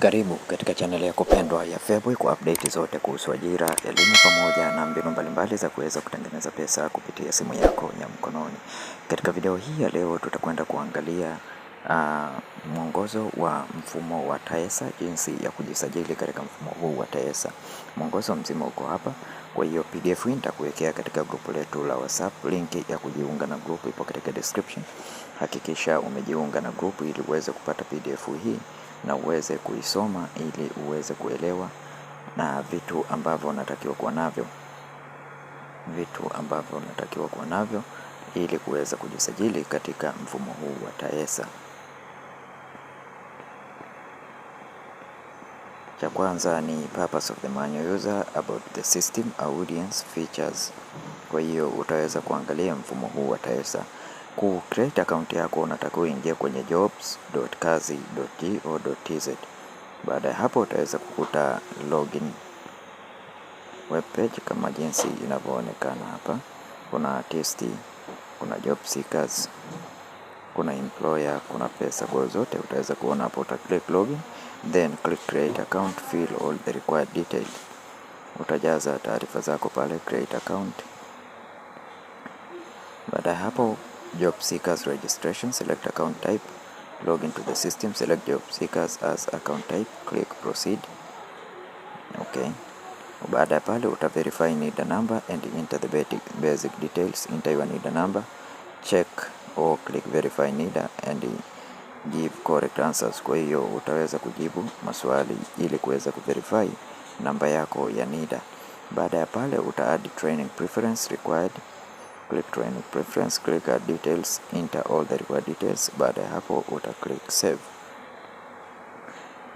Karibu katika chaneli ya kupendwa ya FEABOY kwa update zote kuhusu ajira, elimu pamoja na mbinu mbalimbali za kuweza kutengeneza pesa kupitia simu yako ya mkononi. Katika video hii ya leo tutakwenda kuangalia uh, mwongozo wa mfumo wa TAESA, jinsi ya kujisajili katika mfumo huu wa TAESA. Mwongozo mzima uko hapa. Kwa hiyo PDF nitakuwekea katika grupu letu la WhatsApp. Link ya kujiunga na grupu ipo katika description. Hakikisha umejiunga na grupu ili uweze kupata PDF hii na uweze kuisoma ili uweze kuelewa na vitu ambavyo unatakiwa kuwa navyo, vitu ambavyo unatakiwa kuwa navyo ili kuweza kujisajili katika mfumo huu wa TAESA. Cha kwanza ni purpose of the manual user about the system, audience, features. Kwa hiyo utaweza kuangalia mfumo huu wa TAESA ku create account yako unatakiwa uingie kwenye jobs.kazi.go.tz. Baada ya hapo utaweza kukuta login webpage kama jinsi inavyoonekana hapa. Kuna artist, kuna job seekers, kuna employer, kuna pesa. Kwa zote utaweza kuona hapo, uta click login, then click create account, fill all the required details. Utajaza taarifa zako pale create account. Baada ya hapo job seekers registration, select account type, log into the system, select job seekers as account type, click proceed. Okay. Baada ya pale uta verify NIDA number and enter the basic details, enter your NIDA number, check or click verify NIDA and give correct answers. Kwa hiyo utaweza kujibu maswali ili kuweza kuverify namba yako ya NIDA. Baada ya pale uta add training preference required click training preference, click add details, enter all the required details. Baada ya hapo uta click save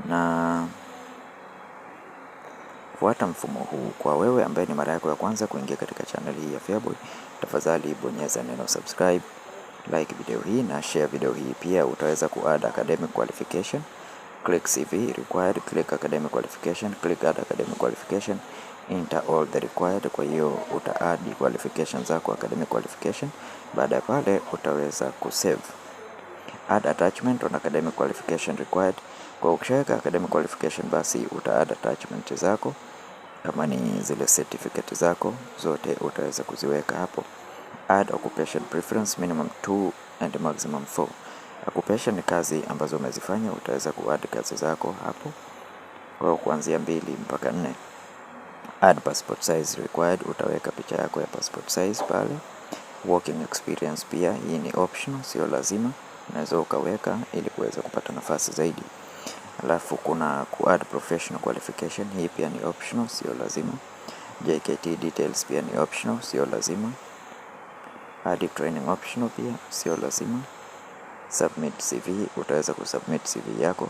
na fuata mfumo huu. Kwa wewe ambaye ni mara yako ya kwanza kuingia katika channel hii ya Feaboy, tafadhali bonyeza neno subscribe, like video hii na share video hii. Pia utaweza kuadd academic qualification, click CV required, click academic qualification, click add academic qualification enter all the required. Kwa hiyo uta add qualification zako academic qualification. Baada ya pale utaweza kusave add attachment on academic qualification required. Kwa ukishaweka academic qualification, basi uta add attachment zako kama ni zile certificate zako zote utaweza kuziweka hapo. Add occupation preference minimum 2 and maximum 4. Occupation ni kazi ambazo umezifanya, utaweza ku add kazi zako hapo kwa kuanzia mbili mpaka nne add passport size required, utaweka picha yako ya passport size pale. Working experience pia hii ni optional, sio lazima, unaweza ukaweka ili kuweza kupata nafasi zaidi. Alafu kuna ku add professional qualification, hii pia ni optional, sio lazima. JKT details pia ni optional, sio lazima. Add training optional pia sio lazima. Submit CV, utaweza kusubmit CV yako.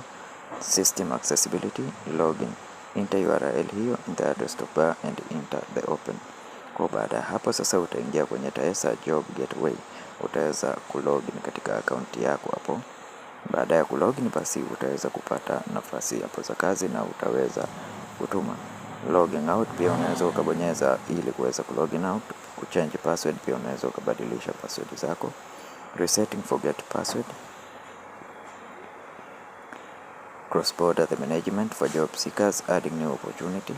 System accessibility, login enter url hiyo enter address to bar and enter the open kwa baada ya hapo sasa utaingia kwenye taesa job gateway utaweza kulogin katika akaunti yako hapo baada ya kulogin basi utaweza kupata nafasi hapo za kazi na utaweza kutuma logging out pia unaweza ukabonyeza ili kuweza kulogin out kuchange password pia unaweza ukabadilisha password zako resetting forget password cross-border the management for job seekers adding new opportunity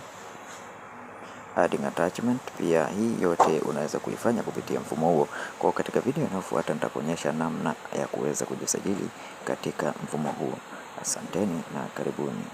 adding attachment. Pia hii yote unaweza kuifanya kupitia mfumo huo. Kwa katika video inayofuata nitakuonyesha namna ya kuweza kujisajili katika mfumo huo. Asanteni na karibuni.